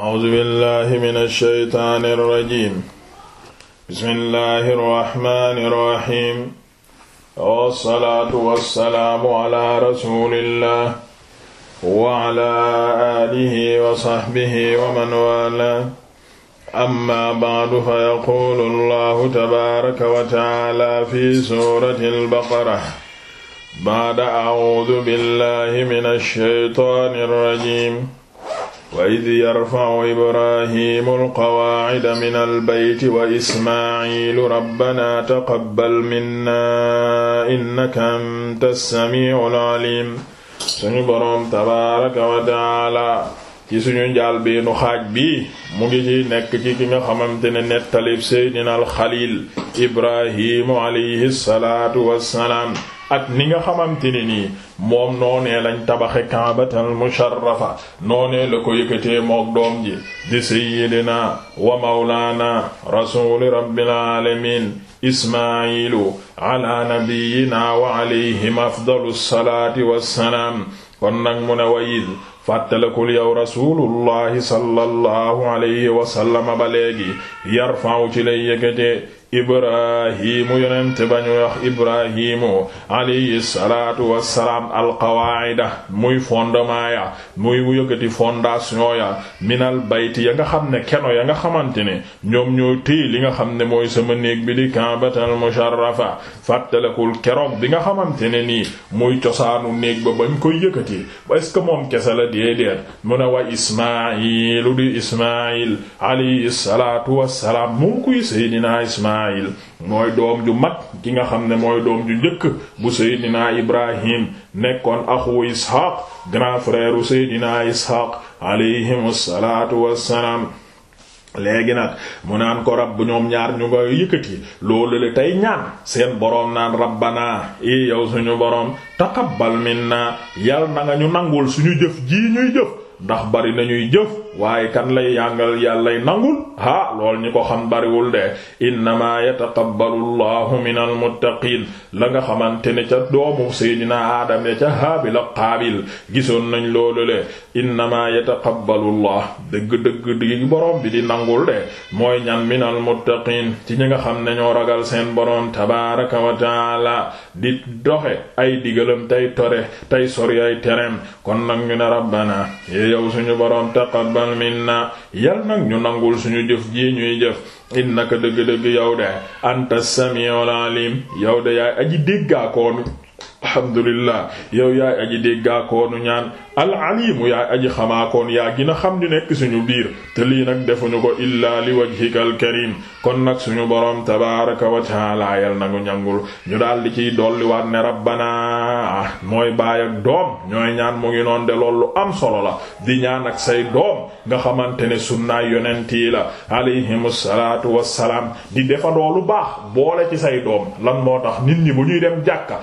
A'uuzu billaahi mina shaytaani rajiim. Bismillaahi rahmaani rahiim. Wassalaatu wassalaamu alaa rasuulillaah wa alaa aalihi wa sahbihi wa man waalaah. Ammaa ba'du fa yaquulu Allaahu tabaaraka wa ta'aalaa fi suuratil baqara. Ba'da a'uuzu billaahi mina shaytaani rajiim. wa id yarfacu ibrahimu alqawaacida min albeyti wa ismaacilu rabbana taqabbal minna innaka anta alsamicu alalim suñu boroom tabaraka wa taala ci suñu njaal beenu xaaj bi mu ngi ci nekk ci ki nga xamante ne nettalib seydina alxalil ibrahimu alayhi salaatu wassalaam ak ni nga xamante ne nii moom noonee lañ tabaxe kaabatal musharrafa noonee la ko yëkkatee mook doom ji di sayyidina wa mawlaana rasuuli rabbil aalamiin ismailu ala nabiyina wa alayhim afdalu salaati wassalaam kon nag mu ne wayid fàttalikul yow rasulullahi sallallahu alayhi wa sallam ba léegi yarfa'u ci lay ibrahimu yonente ba ñu wax ibrahimu alayhi salatu wassalaam alqawaida muy fondement ya muy yëkkati fondation ya minal bayti ya nga xam ne keno ya nga xamante ne ñoom ñoo téy li nga xam ne mooy sama néeg bi di kaabatal musharrafa fàttalekul keroog bi nga xamante ne nii muy cosaanu néeg ba bañ koy yëkkati est-ce que moom kese la déedéet mu ne wa ismailu di ismail alayhi salatu wassalaam moo kuy seydina ismail Ismaayil mooy doom ju mag ki nga xam ne mooy doom ju njëkk bu Seydina Ibrahim nekkoon axu Isxaaq grand frère u Seydina Isxaaq alayhimu salaatu wassalaam léegi nag mu naan ko rab ñoom ñaar ñu nga yëkkati loolu le tey ñaan seen boroom naan rabbana i yow suñu boroom taqabbal minna yal na nga ñu nangul suñu jëf ji ñuy jëf ndax bari nañuy jëf waaye kan lay yàngal yàllay nangul ah lool ñi ko xam bariwul de innamaa yataqabbalu llahu min almuttaqiin la nga xamante ne ca doomu seydina aadam ya ca haabil ak qaabil gisoon nañ loolu le innamaa yataqabbalu llah dëgg-dëgg di boroom bi di nangul de mooy ñan min almuttaqiin ci ñi nga xam ne ñoo ragal seen boroom tabaaraka wa taala di doxe ay digalam tey tore tey sori ay tereem kon nag ñu ne rabbana yow suñu boroom taqabbal taqbal minna yal nag ñu nangul suñu jëf ji ñuy jëf innaka dëgg-dëgg yow de anta samiul alim yow de yaay aji déggaakoon alhamdulillah yow yaay aji déggaakoonu ñaan alalimu yaay aji xamaakoon yaa gina xam di nekk suñu biir te lii nag defuñu ko illaa li wajhikal karim kon nag suñu borom tabaraka wa taala njàngul ñu daal di ciy dolliwaat ne rabbana mooy baay ak doom ñooy ñaan mu ngi noon de lool lu am solo la di ñaan ak say doom nga xamante ne sunnaay yonent yi la alayhimu salaatu wassalaam di defandoo lu baax boole ci say doom lan moo tax nit ñi bu ñuy dem jàkka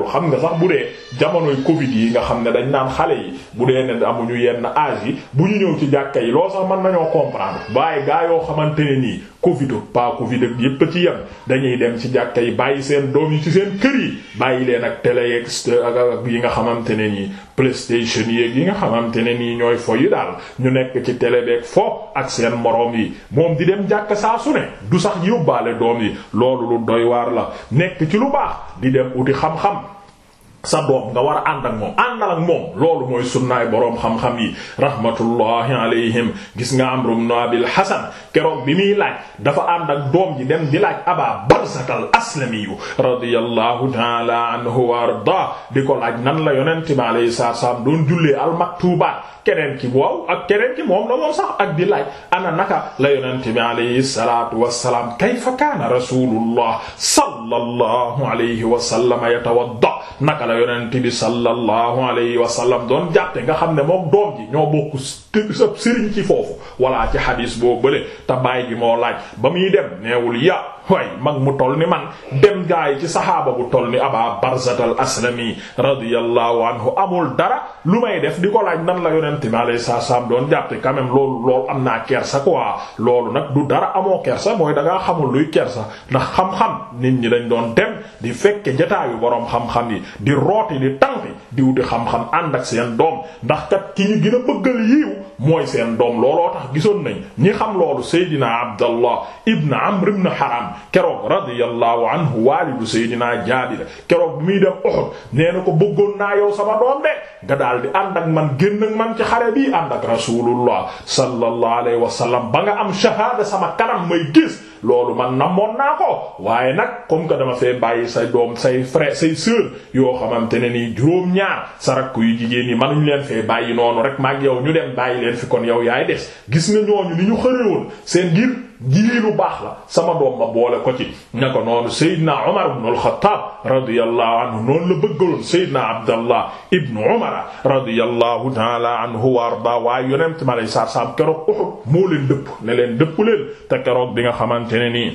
yàggul xam nga sax bu dee jamonoy Covid yi nga xam ne dañ naan xale yi bu dee ne amuñu yenn âge yi bu ñu ñëw ci jàkka yi loolu sax mën nañoo comprendre waaye gaa yoo xamante ne nii covid pas covid ak yépp ci yem dañuy dem ci jàkka yi bàyyi seen doom yi ci seen kër yi bàyyi leen ak tele yeeg ak yi nga xamante ne yi playstation yeeg yi nga xamante ne nii ñooy fo yi daal ñu nekk ci tele beeg fo ak seen moroom yi moom di dem jàkka saa su ne du sax yóbbaale doom yi loolu lu doy waar la nekk ci lu baax di dem uti xam-xam sa doom nga war a ànd ak moom loolu mooy sunnaay boroom xam-xam yi rahmatullahi alayhim gis nga Amru ibn Abil Hasan keroog bi muy laaj dafa ànd ak doom ji dem di laaj Aba Barzah al-Aslami radiyallahu ta'ala anhu wa ardaa ko la yonent bi alayhi salaam doon jullee al-maktuubaat keneen ki waaw ak keneen ki moom la moom sax ak di laaj ana naka la yonent bi alayhi salaatu wa salaam kayfa kaana rasuulullah sallallahu alayhi yatawadda naka la yonent bi sallallahu alayhi wa sallam doon jàppe nga xam ne moom doom ji ñoo bokku te sab sëriñ ci foofu walla ci xadis boo bële te baay gi moo laaj ba muy dem neewul ya mag mu toll ni man dem gaa yi ci saxaaba bu toll ni aba barzatal aslami radiyallahu anhu amul dara lu may def di ko laaj nan la yonente mi alayhi salaam doon jàpte quand même loolu loolu am naa kersa quoi loolu nag du dara amoo kersa mooy da ngaa xamul luy kersa ndax xam-xam nit ñi lañ doon dem di fekke jataayu boroom xam-xam yi di rooti di tànki di wuti xam-xam ànd doom a mooy seen doom looloo tax gisoon nañ ñi xam loolu Seydina Abdallah ibn Amr ibn Haram keroog radiyallahu anhu waalidu Seydina Jaabir keroog bi muy dem Uhud nee na ko bëggoon naa yow sama doom de nga daal di ànd ak man génn ak man ci xare bi ànd ak Rasulullah sallallahu alayhi wa sallam ba nga am shahaada sama kanam may gis loolu man namoon naa ko waaye nag comme que dama fee bàyyi sa doom say frère say sœur yoo xamante ne nii juróom-ñaar sa rakk yu jigéen yi manuñ leen fee bàyyi noonu rek maag yow ñu dem bàyyi leen fi kon yow yaay des gis nga ñooñu ni ñu xërewoon seen ngir gii lu baax la sama doom ma boole ko ci ña ko noonu Seydina Omar ibn al-Khattab radiyallahu anhu noonu la bëggaloon Seydina Abdallah ibn Omar radiyallahu ta'ala anhu wa arda waaye yonent ma lay saar saam keroog Uhud moo leen dëpp ne leen dëpp leen te keroog bi nga xamante ne nii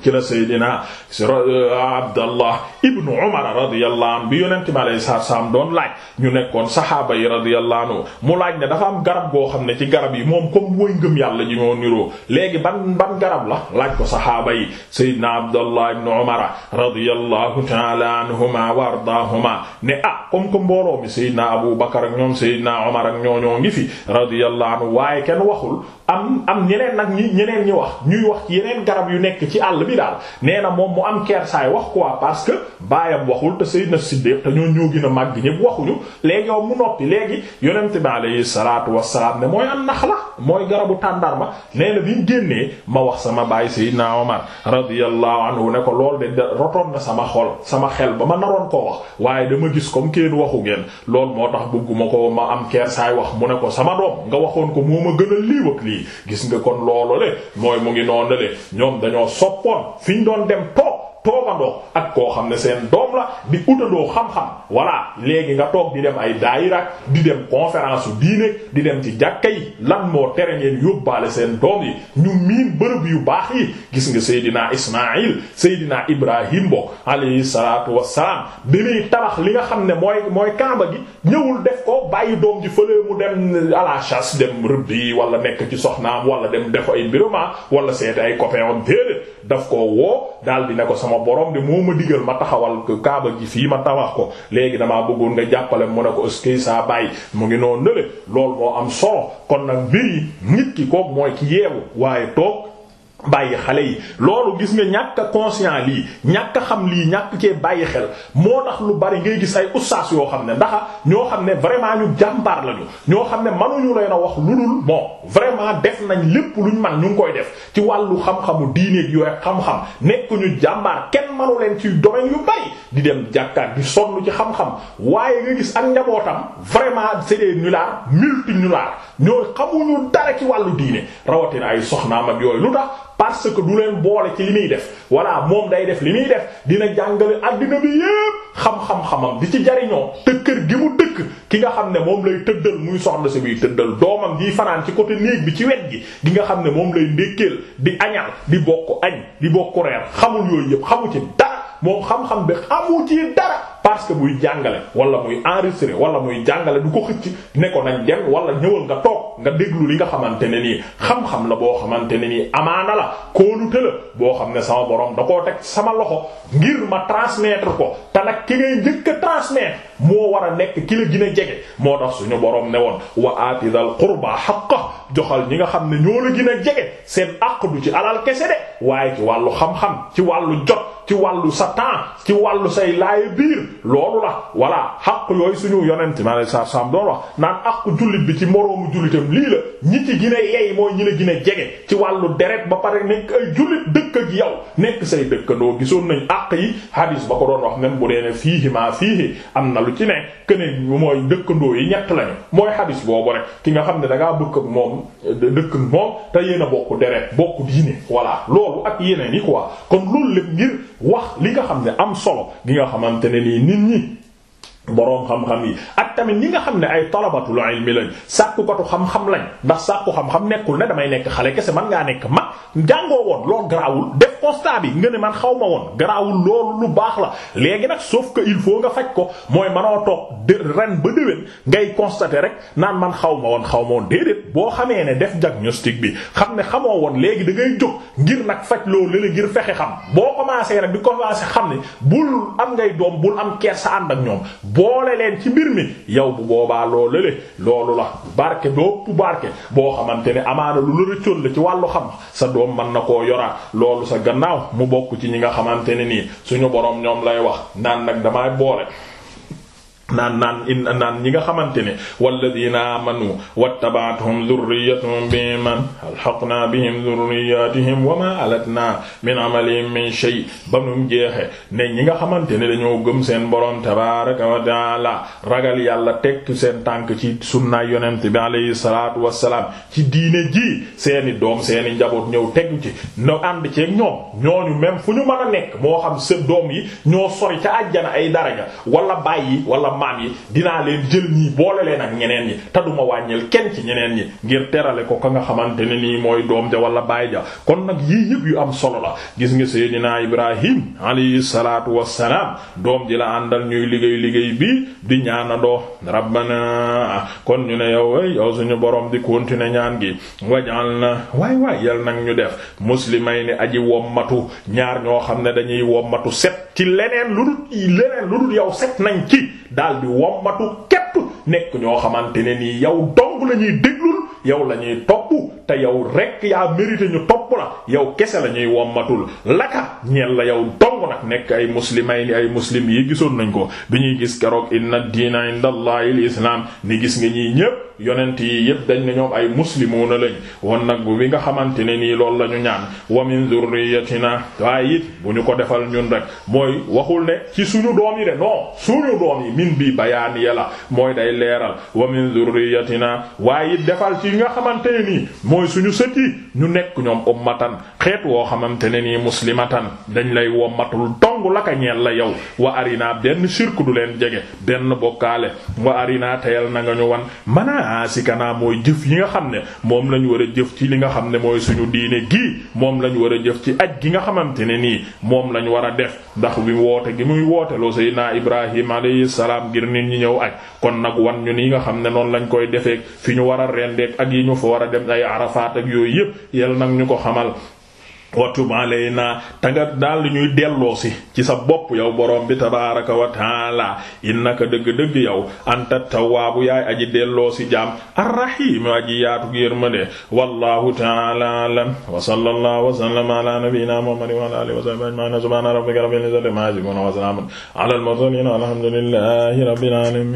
ci la Seydina eh, Abdallah ibn Umar radiyallahu anhu bi yonent bi alayhi salaatu salaam doon laaj ñu nekkoon saxaaba yi radiyallahu anhu mu laaj ne dafa am garab goo xam ne ci garab yi moom kom woy ngëm yàlla ji moo niroo léegi ban ban garab la laaj ko saxaaba yi Seydina Abdallah ibn Umar radiyallahu ta'ala anhuma wa ardaahuma ne ah comme que mbooloo mi Seydina Abu ñoom Seydina Umar ak ñoo ngi fi radiyallahu anhu waaye kenn waxul am am nag ñi ñeneen ñi wax ñuy wax ci yeneen garab yu nekk ci àll àll bi daal nee moom mu am kersaay wax quoi parce que baayam waxul te Seydina Siddiq te ñoo ñoo gën a màgg ñëpp waxuñu léegi yow mu noppi léegi yonent bi alayhi salaatu wassalaam ne mooy am nax la mooy garabu tàndarma ma na bi mu génnee ma wax sama baay Seydina Omar radiyallahu anhu ne ko lool de rotoon na sama xol sama xel ba ma naroon koo wax waaye dama gis comme kenn waxu ngeen lool moo tax bëgguma ko ma am saay wax mu ne ko sama doom nga waxoon ko a lii wëkk gis nga kon loolu woon fi ñu doon dem toog toogandoo ak koo xam ne seen doom la di utandoo xam-xam voilà léegi nga toog di dem ay daayira di dem conférence su diine di dem ci jàkka yi lan moo tere ngeen yóbbaale seen doom yi ñu miin bërëb yu baax yi gis nga Seydina Ismaïl Seydina Ibrahim bokk alayhi salaatu wassalaam dañuy tabax li nga xam ne mooy mooy kamba gi ñëwul def koo bàyyi doom ji fële mu dem à la chasse dem rëbb yi wala nekk ci soxnaam wala dem def ay mbiruma ah wala seeti ay copains daf koo woo daal di ne ko sama borom de moo ma digal ma taxawal kaaba gi fii ma tawax ko léegi damaa bëggoon nga jàppale mu ne ko ëskey saa bàyyi mu ngi noonu nële lool moo am solo kon nag mbir nit ki kook mooy ki yeewu waaye toog bàyyi xale yi loolu gis nga ñàkk a lii ñàkk xam lii ñàkk cee bàyyi xel moo tax lu bari ngay gis ay ustaas yoo xam ne ndax ñoo xam ne vraiment ñu jàmbaar lañu ñoo xam ne mënuñu leen a wax lu dul vraiment def nañ lépp luñ man ñu ngi koy def ci wàllu xam-xamu diineeg yooyu xam ñu jàmbaar kenn mënu leen ci domaine yu bari di dem jàkkaat di ci xam-xam waaye nga gis ak njabootam vraiment c'est des nullards multinulards ñoo xamuñu dara ci wàllu diine rawatina ay soxnaam yooyu lu tax parce que du leen boole ci li muy def voilà moom day def li muy def dina jàngale addina bi yépp xam-xam-xamam di ci jariñoo te kër gi mu dëkk ki nga xam ne moom lay tëddal muy soxla si muy tëddal doomam di fanaan ci côté néeg bi ci wet gi di nga xam ne moom lay ndékkeel bi añal di bokk añ di bokku reer xamul yooyu yépp xamu ci dara moom xam-xam bi xamu ci dara parce que buy jàngale wala muy enregistrer wala muy jàngale du ko xëcc ne ko nañ dem wala ñëwal nga toog nga déglu li nga xamante ne nii xam-xam la boo xamante ne nii amaana la kóolute la boo xam ne sama borom da koo teg sama loxo ngir ma transmettre ko te nag ki ngay njëkk a moo war a nekk ki la gën a jege moo tax suñu borom ne woon wa aati dal qurba joxal ñi nga xam ne ñoo la gën jege seen àq du ci alal kese waaye ci wàllu xam-xam ci wàllu jot ci wàllu sa temps ci wàllu say laay biir loolu la voilà xaq yooyu suñu yonent ma lay sa sam doon wax naan àq jullit bi ci moroomu jullitam lii la ñi ci gën a yey mooy ñi la gën jege ci wàllu deret ba pare nekk ay jullit dëkk ak yow nekk say dëkkandoo gisoon nañ àq yi hadis ba ko doon wax même bu dee ne fiihi maa fiihi am na lu ci ne keneen mooy dëkkandoo yi ñett lañu mooy hadis boobu rek ki nga xam ne da ngaa bëgg ak moom moom dëkk moom te yéen a bokk deret bokk diine voilà loolu ak yeneen yi quoi kon loolu lépp ngir wax li nga xam ne am solo gi nga xamante ne nii nit ñi boroom xam-xam yi ak tamit ñi nga xam ne ay talabatul ilmi lañ sàkkukatu xam-xam lañ ndax sàkku xam-xam nekkul ne damay nekk xale kese man ngaa nekk mag jàngoo woon loolu garaawul def constat bi nga ne man xaw ma woon garaawul loolu lu baax la léegi nag soof ko il faut nga faj ko mooy manoo toog ren ba déwén ngay constater rek naan man xaw ma woon xaw ma woon déedéet boo xamee ne def diagnostic bi xam ne xamoo woon léegi da ngay jóg ngir nag faj loolu la ngir fexe xam boo commencé nag di commencé xam ne bul am ngay doom bul am kersa ànd ak ñoom boole leen ci mbir mi yow bu boobaa loolu la loolu la barke bopp barke boo xamante ne amaana lu la rëccoon la ci wàllu xam sa doom mën na koo yoraa loolu sa gannaaw mu bokk ci ñi nga xamante ne nii suñu boroom ñoom lay wax naan nag damay boole naan naan in naan ñi nga xamante ne walladina amanu wattaba'athum dhurriyyatuhum bi iman alhaqna bihim dhurriyyatihim wa ma alatna min amalihim min shay ba mu jeexe ne ñi nga xamante ne dañoo gëm seen borom tabaraka wa ragal yàlla tekk seen tànk ci sunnaay yonent bi alayhi salatu wasalaam ci diine ji seeni doom seeni njaboot ñëw tegu ci no ànd ceeg ñoom ñooñu même fu ñu mën nekk moo xam seen doom yi ñoo sori ca àjjana ay daraja wala bàyyi wala maam yi dinaa leen jël ñii boole leen ak ñeneen ñi te wàññil kenn ci ñeneen ñi ngir terale ko ka nga xamante ne nii mooy doom ja wala baay ja kon nag yii yëpp yu am solo la gis nga seydinaa ibrahim alayhi salaatu wassalaam doom ji la àndal ñuy liggéey liggéey bi di ñaanandoo rabbana kon ñu ne yow way yow suñu borom di continuer ñaan gi wajal na waay waay yal nag ñu def muslimay ni aji wommatu ñaar ñoo xam ne dañuy wommatu set ci leneen lu dul leneen lu dul yow set nañ ci daal di wommatu képp nekk ñoo xamante ne nii yow dong la ñuy déglul yow la ñuy topp te yow rek yaa mérité ñu topp la yow kese la ñuy wommatul laka ñeel la yow dong nag nekk ay muslimay ni ay muslim yi gisoon nañ ko bi ñuy gis keroog inna diina inda allahi al ni gis nga ñii ñépp yonent yi yëpp dañ ne ñoom ay muslimuuna lañ won nag bu bi nga xamante ne nii loolu la ñu ñaan wa min zurriyatina waaye it bu ñu ko defal ñun rek mooy waxul ne ci suñu doom yi de non suñu doom yi min bi bayaaniya la mooy day leeral wa min zurriyatina waaye it defal ci nga xamante ne nii mooy suñu sëti ñu nekk ñoom ummatan xeet woo xamante ne nii muslimatan dañ lay wommatul dong la ka ñeel la yow wa arina benn sirku du leen jege benn bokkaale wa arina teyal na nga ñu wan manaasikana mooy jëf yi nga xam ne moom lañ war a jëf ci li nga xam ne mooy suñu diine gii moom lañ war a jëf ci aj gi nga xamante ne nii moom lañ war a def ndax bi woote gi muy wooteloo Seydina Ibrahim alayhi salaam ngir nit ñi ñëw ak kon nag wan ñu nii nga xam ne noonu lañ koy defeek fi ñu war a rendeek ak yi ñu fa war a dem ay Arafat ak yooyu yépp yal nag ñu ko xamal watub alayna ta nga daal ñuy delloosi ci sa bopp yow borom bi tabaaraka wa taala innaka dëgg-dëgg yow anta tawwaabu yaay aji delloosi jaam arrahiim aji yaatu yërmande wallahu taala alam wa sallallahu wa sallama ala nabiyyina muhammadin wa ala alihi wa sahbihi ajma'in subhana rabbika rabbil izzati amma yasifun wa salamun ala al mursalin walhamdulillahi alamin